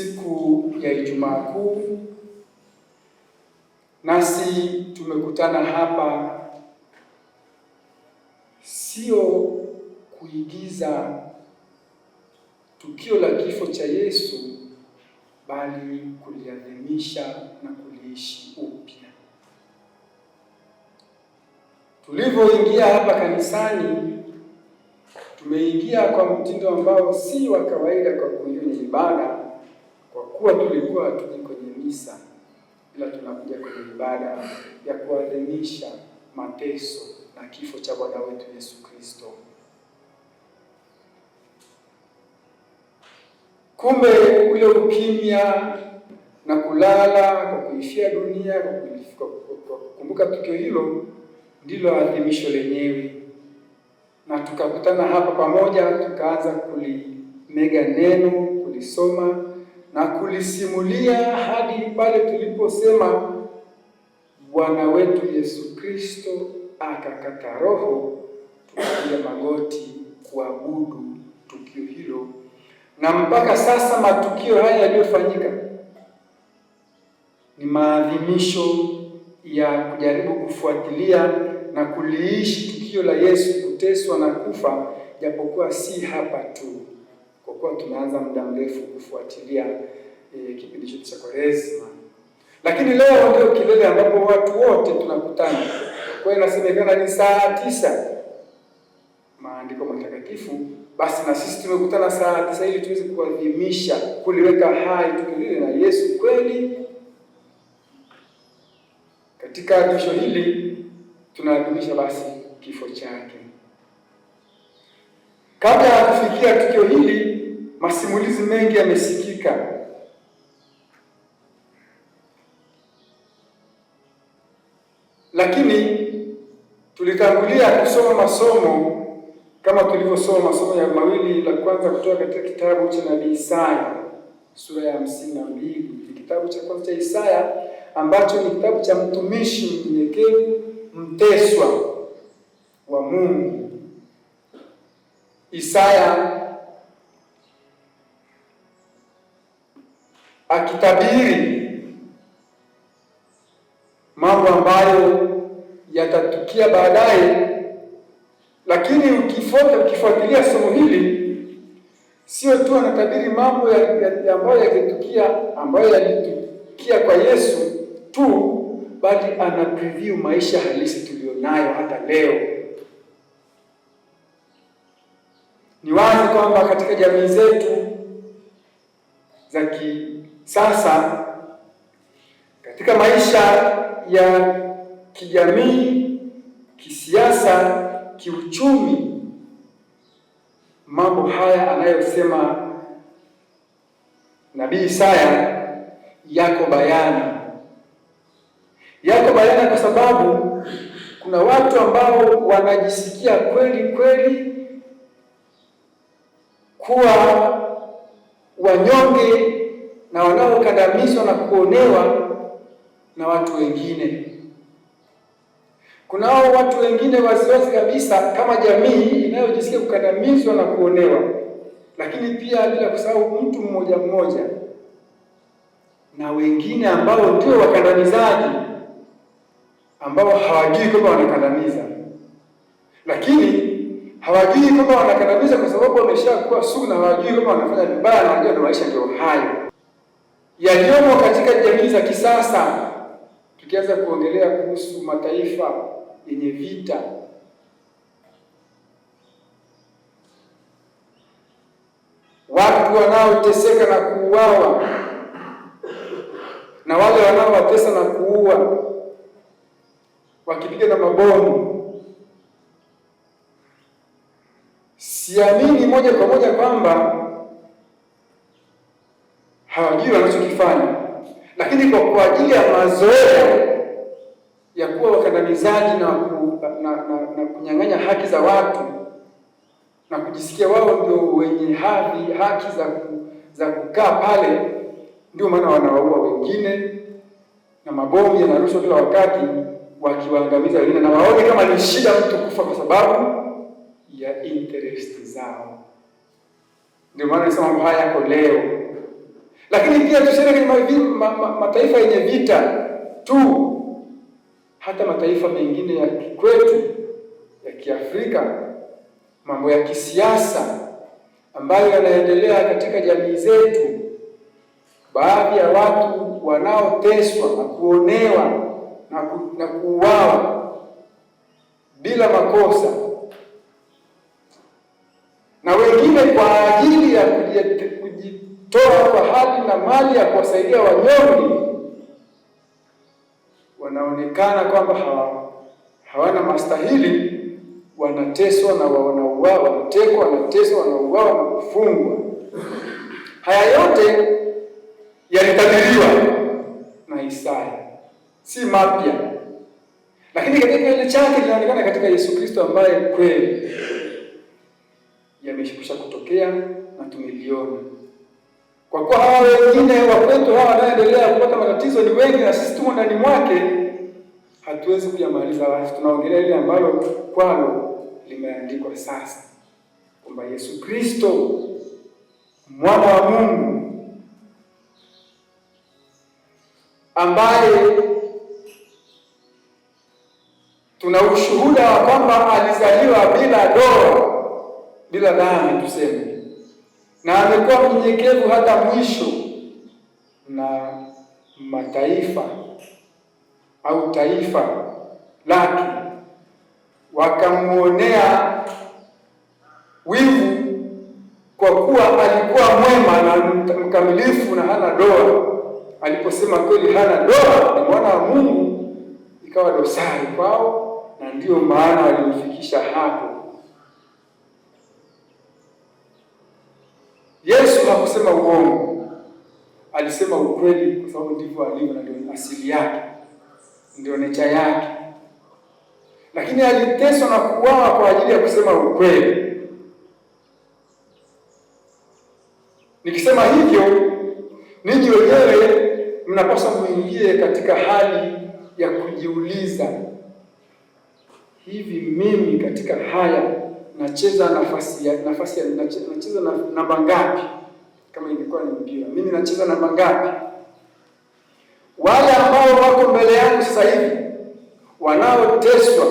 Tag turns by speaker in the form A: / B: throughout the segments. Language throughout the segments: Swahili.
A: siku ya Ijumaa Kuu, nasi tumekutana hapa sio kuigiza tukio la kifo cha Yesu, bali kuliadhimisha na kuliishi upya. Tulivyoingia hapa kanisani, tumeingia kwa mtindo ambao si wa kawaida kwa kuingia ibada kwa kuwa tulikuwa hatuji kwenye misa, ila tunakuja kwenye ibada ya kuadhimisha mateso na kifo cha Bwana wetu Yesu Kristo. Kumbe ule ukimya na kulala kwa kuifia dunia kwa kukumbuka tukio hilo ndilo adhimisho lenyewe, na tukakutana hapa pamoja, tukaanza kulimega neno kulisoma na kulisimulia hadi pale tuliposema Bwana wetu Yesu Kristo akakata roho, tukapiga magoti kuabudu tukio hilo, na mpaka sasa matukio haya yaliyofanyika ni maadhimisho ya kujaribu kufuatilia na kuliishi tukio la Yesu kuteswa na kufa, japokuwa si hapa tu kwa kuwa tumeanza muda mrefu kufuatilia e, kipindi chetu cha Kwaresma, lakini leo ndio kilele ambapo watu wote tunakutana. Kwa hiyo inasemekana ni saa tisa maandiko matakatifu, basi na sisi tumekutana saa tisa ili tuweze kuadhimisha kuliweka hai tukilile na Yesu kweli. Katika adhimisho hili tunaadhimisha basi kifo chake. Kabla ya kufikia tukio hili Masimulizi mengi yamesikika lakini tulitangulia kusoma masomo kama tulivyosoma masomo ya mawili, la kwanza kutoka katika kitabu cha nabii Isaya sura ya hamsini na mbili ni kitabu cha kwanza cha Isaya ambacho ni kitabu cha mtumishi mnyenyekevu, mteswa wa Mungu. Isaya akitabiri mambo ambayo yatatukia baadaye, lakini ukifuata ukifuatilia somo hili sio tu anatabiri mambo ambayo yalitukia ambayo yalitukia kwa Yesu tu, bali ana preview maisha halisi tuliyonayo hata leo. Ni wazi kwamba katika jamii zetu za sasa katika maisha ya kijamii, kisiasa, kiuchumi, mambo haya anayosema Nabii Isaya yako bayana, yako bayana, kwa sababu kuna watu ambao wanajisikia kweli kweli kuwa wanyonge na wanaokandamizwa na kuonewa na watu wengine. Kunao watu wengine waziwazi kabisa kama jamii inayojisikia kukandamizwa na kuonewa, lakini pia bila kusahau mtu mmoja mmoja na wengine ambao ndio wakandamizaji ambao hawajui kwamba wanakandamiza, lakini hawajui kwamba wanakandamiza kwa sababu wameshakuwa sugu na hawajui kwamba wanafanya vibaya, na wajua na maisha ndio hayo yaliyomo katika jamii za kisasa, tukianza kuongelea kuhusu mataifa yenye vita watu wanaoteseka na kuuawa na wale wanaowatesa na kuua wakipiga na mabomu. Siamini moja kwa moja kwamba hawajui wanachokifanya, lakini kwa kwa ajili ya mazoea ya kuwa wakandamizaji na, na, na, na kunyang'anya haki za watu na kujisikia wao ndio wenye hadhi haki za, za kukaa pale, ndio maana wanawaua wengine na mabomu yanarushwa kila wakati wakiwaangamiza wengine, na waone kama ni shida mtu kufa kwa sababu ya interest zao. Ndio maana nisema haya yako leo lakini pia tuseme ni mataifa yenye vita tu, hata mataifa mengine ya kikwetu ya Kiafrika, mambo ya kisiasa ambayo yanaendelea katika jamii zetu, baadhi ya watu wanaoteswa na kuonewa na, ku, na kuuawa bila makosa na wengine kwa ajili ya kujitoa kwa hali na mali ya kuwasaidia wanyonge, wanaonekana kwamba hawana mastahili, wanateswa na wanauawa, wanatekwa, wanateswa, wanauawa na kufungwa. Haya yote yalitabiriwa na Isaya, si mapya, lakini katika kile chake linaonekana katika Yesu Kristo ambaye kweli yamesha kutokea na tumeliona. Kwa kuwa hawa wengine wa kwetu hawa wanaendelea kupata matatizo ni wengi, na sisi tumo ndani mwake, hatuwezi kuyamaliza. wazi tunaongelea ile ambalo kwalo limeandikwa sasa kwamba Yesu Kristo mwana wa Mungu ambaye tuna ushuhuda wa kwamba alizaliwa bila doa, bila dhambi tuseme na amekuwa mnyenyekevu hata mwisho, na mataifa au taifa lake wakamwonea wivu kwa kuwa alikuwa mwema na mkamilifu na hana doa. Aliposema kweli hana doa, ni mwana wa Mungu, ikawa dosari kwao, na ndiyo maana walimfikisha hapo. hakusema uongo, alisema ukweli, kwa sababu ndivyo alivyo na ndio asili yake, ndio necha yake. Lakini aliteswa na kuuawa kwa ajili ya kusema ukweli. Nikisema hivyo, ninyi wenyewe mnapaswa muingie katika hali ya kujiuliza, hivi mimi katika haya nacheza nafasi ya nafasi ya nacheza namba ngapi? kama ingekuwa ni mpira, mimi nacheza namba ngapi? Wale ambao wako mbele yangu sasa hivi wanaoteswa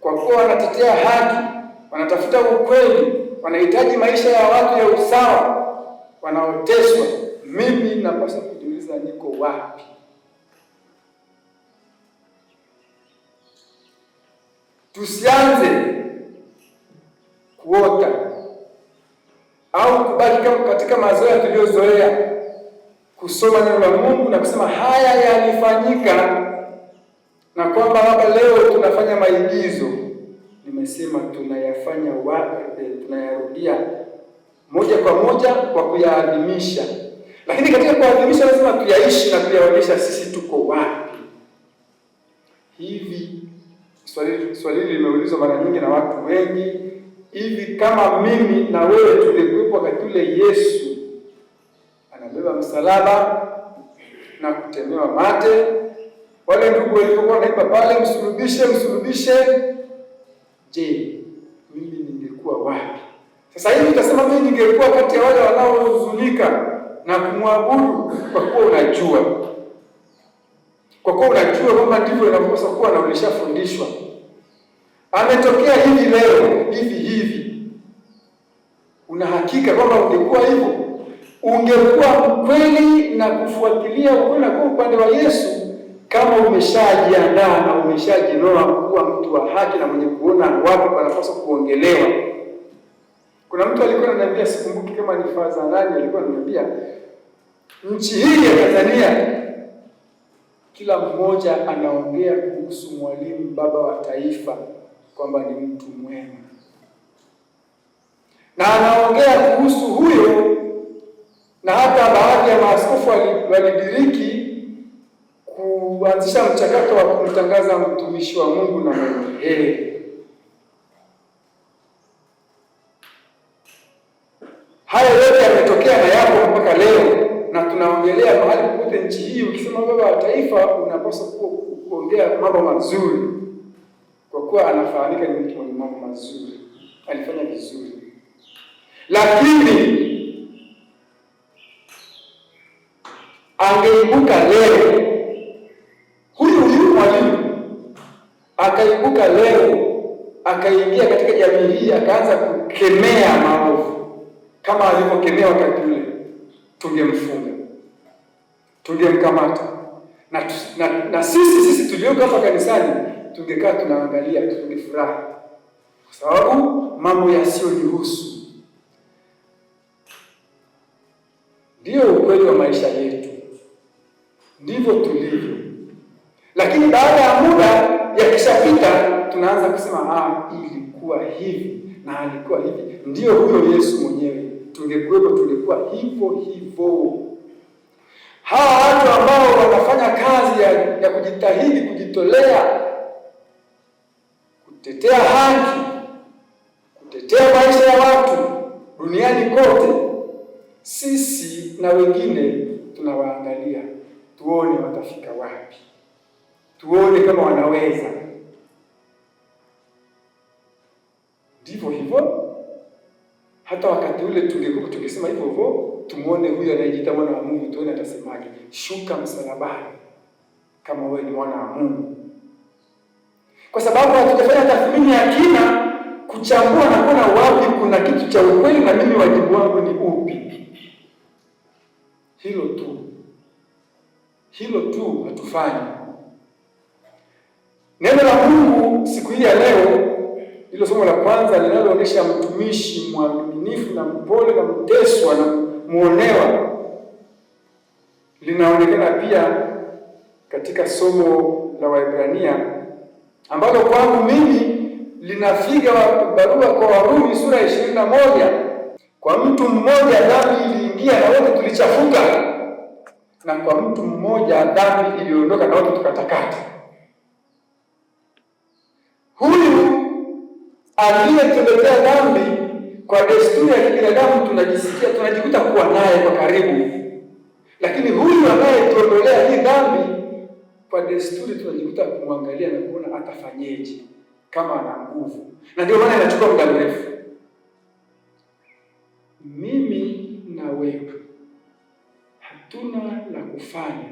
A: kwa kuwa wanatetea haki, wanatafuta ukweli, wanahitaji maisha ya watu ya usawa, wanaoteswa, mimi napaswa kujiuliza niko wapi? Tusianze kuota au kubaki katika mazoea tuliyozoea kusoma neno la Mungu na kusema haya yalifanyika, na kwamba labda leo tunafanya maigizo. Nimesema tunayafanya wapi? Tunayarudia moja kwa moja kwa kuyaadhimisha, lakini katika kuadhimisha lazima tuyaishi na kuyaonyesha sisi tuko wapi. Hivi swali limeulizwa mara nyingi na watu wengi, hivi kama mimi na wewe tulikuwa yule Yesu anabeba msalaba na kutemewa mate. Wale ndugu walikuwa wanaiba pale, msulubishe, msulubishe. Je, mimi ningekuwa wapi? Sasa hivi utasema mimi ningekuwa kati ya wale wanaohuzunika na kumwabudu, kwa kuwa unajua, kwa kuwa unajua kwamba ndivyo inavyopaswa kuwa, na ulishafundishwa. Ametokea hivi leo hivi hivi una hakika kwamba ungekuwa hivyo, ungekuwa mkweli na kufuatilia ukweli kwa upande wa Yesu kama umeshajiandaa na umeshajinoa kuwa mtu wa haki na mwenye kuona wapi panapaswa kuongelewa. Kuna mtu alikuwa ananiambia, sikumbuki kama ni faza nani, alikuwa ananiambia nchi hii ya Tanzania kila mmoja anaongea kuhusu Mwalimu, baba wa taifa, kwamba ni mtu mwema na anaongea kuhusu huyo, na hata baadhi ya maaskofu walidiriki kuanzisha mchakato wa kumtangaza mtumishi wa Mungu na mwenye heri. Haya yote yametokea na yapo mpaka leo, na tunaongelea mahali popote nchi hii. Ukisema baba wa taifa, unapaswa kuongea mambo mazuri, kwa kuwa anafahamika ni mtu mwenye mambo mazuri, alifanya vizuri lakini angeibuka leo, huyu huyu mwalimu akaibuka leo akaingia katika jamii hii akaanza kukemea maovu kama alivyokemea wakati ule, tungemfunga tungemkamata na, na, na sisi sisi tulioko hapa kanisani tungekaa tunaangalia, tungefuraha kwa sababu mambo yasiyonihusu Ndiyo ukweli wa maisha yetu, ndivyo tulivyo. Lakini baada ya muda yakishapita, tunaanza kusema ah, ilikuwa hivi na alikuwa hivi. Ndiyo huyo Yesu mwenyewe, tungekuwepo tungekuwa hivyo hivyo. Hawa watu ambao wanafanya kazi ya, ya kujitahidi, kujitolea, kutetea haki, kutetea maisha ya watu duniani kote sisi na wengine tunawaangalia, tuone watafika wapi, tuone kama wanaweza. Ndivyo hivyo, hata wakati ule tungekuwa tukisema hivyo hivyo, tumuone huyo anayejiita mwana wa Mungu, tuone atasemaje, shuka msalabani kama wewe ni mwana wa Mungu, kwa sababu hatujafanya tathmini ya kina kuchambua na kuona wapi kuna kitu cha ukweli na mimi wajibu wangu ni upi. Hilo tu, hilo tu hatufanyi. Neno la Mungu siku hii ya leo, hilo somo la kwanza linaloonyesha mtumishi mwaminifu na mpole na mteswa na muonewa, linaonekana pia katika somo la Waebrania ambalo kwangu mimi linafiga barua kwa Warumi sura ya ishirini na moja kwa mtu mmoja dhambi tuliingia na wote tulichafuka, na kwa mtu mmoja dhambi iliondoka na wote tukatakata. Huyu aliyetuletea dhambi, kwa desturi ya kibinadamu tunajisikia, tunajikuta kuwa naye kwa karibu, lakini huyu anayetuondolea hii dhambi, kwa desturi tunajikuta kumwangalia na kuona atafanyeje, kama ana nguvu, na ndio maana inachukua muda mrefu kama wewe, hatuna la kufanya,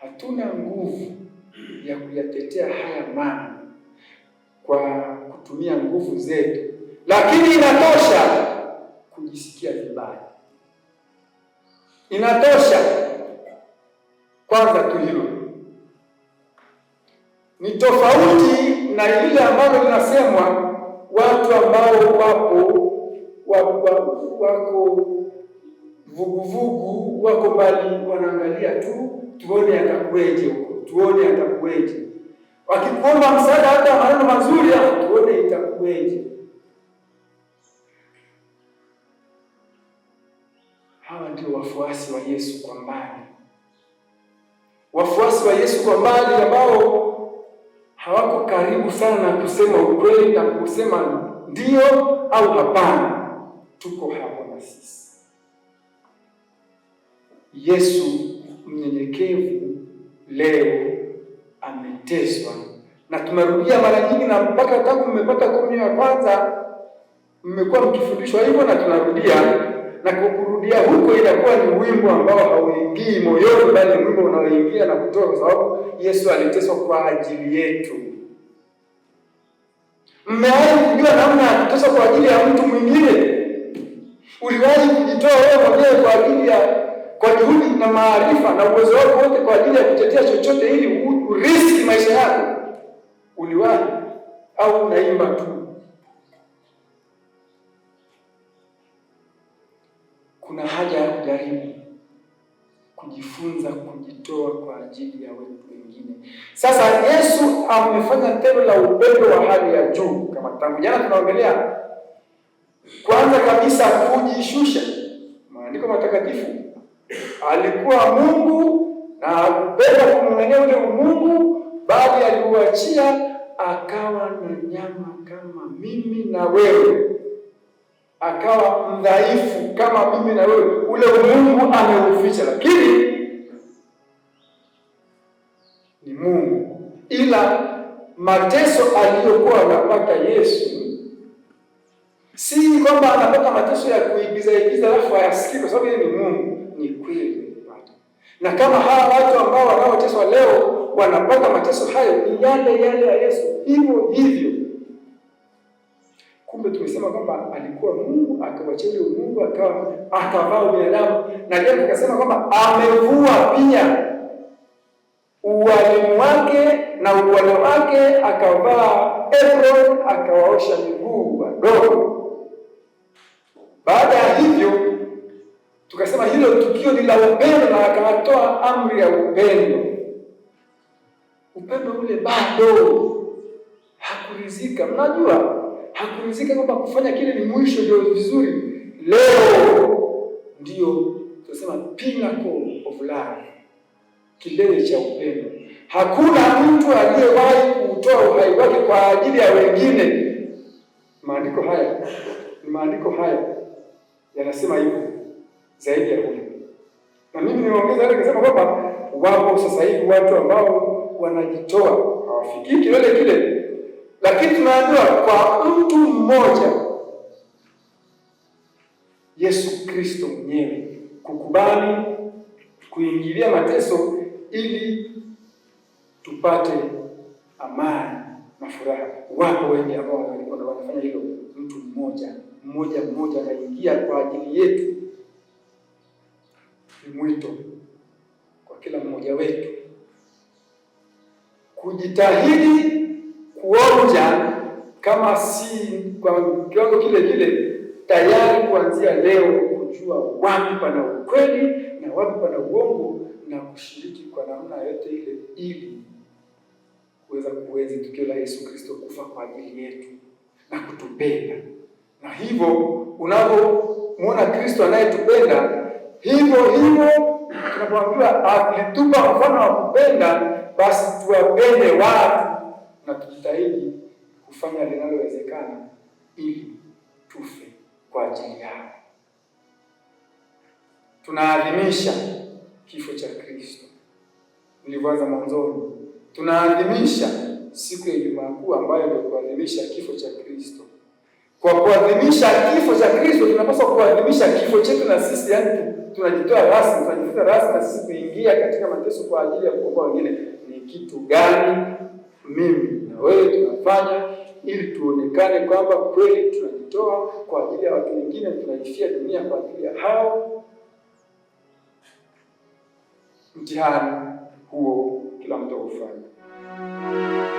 A: hatuna nguvu ya kuyatetea haya maana kwa kutumia nguvu zetu, lakini inatosha kujisikia vibaya, inatosha kwanza tu hilo ni tofauti na lile ambalo linasemwa watu ambao wapo wako vuguvugu wako mbali, wanaangalia tu, tuone atakueje huko, tuone atakueje. Wakikuomba msaada hata maneno mazuri, tuone itakueje. Hawa ndio wafuasi wa Yesu kwa mbali, wafuasi wa Yesu kwa mbali ambao hawako karibu sana na kusema ukweli na kusema ndio au hapana. Tuko hapo na sisi Yesu mnyenyekevu leo ameteswa, na tumerudia mara nyingi, na mpaka tangu mmepata kumi ya kwanza mmekuwa mkifundishwa hivyo, na tunarudia na kukurudia huko, inakuwa ni wimbo ambao hauingii moyoni, bali wimbo unaoingia na kutoa kwa sababu Yesu aliteswa kwa ajili yetu. Mmewahi kujua namna ya kuteswa kwa ajili ya mtu mwingine? Uliwahi kujitoa wewe mwenyewe kwa ajili ya kwa juhudi na maarifa na uwezo wako wote kwa ajili ya kutetea chochote ili uriski maisha yako, uliwani au unaimba tu? Kuna haja ya kujaribu kujifunza kujitoa kwa ajili ya watu wengine. Sasa Yesu amefanya tendo la upendo wa hali ya juu, kama tangu jana tunaongelea, kwanza kabisa kujishusha. Maandiko matakatifu alikuwa Mungu na akubeba kumng'ang'ania ule umungu, bali aliuachia akawa na nyama kama mimi na wewe, akawa mdhaifu kama mimi na wewe. Ule umungu ameuficha, lakini ni Mungu, ila mateso aliyokuwa anapata Yesu si kwamba anapata mateso ya kuigiza igiza alafu hayasikii, kwa sababu yeye ni Mungu. Ni kweli, na kama hawa watu ambao wanaoteswa leo wanapata mateso hayo, ni yale yale ya Yesu, hivyo hivyo. Kumbe tumesema kwamba alikuwa Mungu akawachia ule Mungu akawa akavaa ubinadamu, na leo tukasema kwamba amevua pia uwalimu wake na uwalimu wake akavaa apron akawaosha miguu wadogo. Baada ya hivyo, tukasema hilo tukio ni la upendo, na akatoa amri ya upendo. Upendo ule bado hakurizika, mnajua hakurizika kwamba kufanya kile ni mwisho, ndio vizuri. Leo ndio tunasema pinnacle of love, kilele cha upendo. Hakuna mtu aliyewahi kutoa uhai wake kwa ajili ya wengine. Maandiko haya ni maandiko haya yanasema hivyo zaidi ya huyo. Na mimi nimeongeza hata nikasema kwamba wapo sasa hivi watu ambao wanajitoa hawafikii kilele kile, lakini tunaambiwa kwa mtu mmoja Yesu Kristo mwenyewe kukubali kuingilia mateso ili tupate amani na furaha. Wapo wengi ambao walikuwa wanafanya hilo, mtu mmoja mmoja mmoja anaingia kwa ajili yetu. Ni mwito kwa kila mmoja wetu kujitahidi kuonja, kama si kwa kiwango kile kile, tayari kuanzia leo kujua wapi pana ukweli na wapi pana uongo na kushiriki kwa namna yote ile ili kuweza kuwezi tukio la Yesu Kristo kufa kwa ajili yetu na kutupenda. Na hivyo unavyomwona Kristo anayetupenda hivyo hivyo, tunapoambiwa alitupa mfano wa kupenda, basi tuwapende watu na tujitahidi kufanya linalowezekana ili tufe kwa ajili yao. Tunaadhimisha kifo cha Kristo nilivyoanza mwanzoni, tunaadhimisha siku ya Ijumaa Kuu ambayo ndio kuadhimisha kifo cha Kristo. Kwa kuadhimisha kifo cha Kristo, tunapaswa kuadhimisha kifo chetu na sisi, yaani tunajitoa rasmi, tunajifuta rasmi na sisi kuingia katika mateso kwa ajili ya kuokoa wengine. Ni kitu gani mimi na wewe tunafanya ili tuonekane kwamba kweli tunajitoa kwa ajili ya watu wengine, tunaishia dunia kwa ajili ya hao? Mtihani huo kila mtu akufanya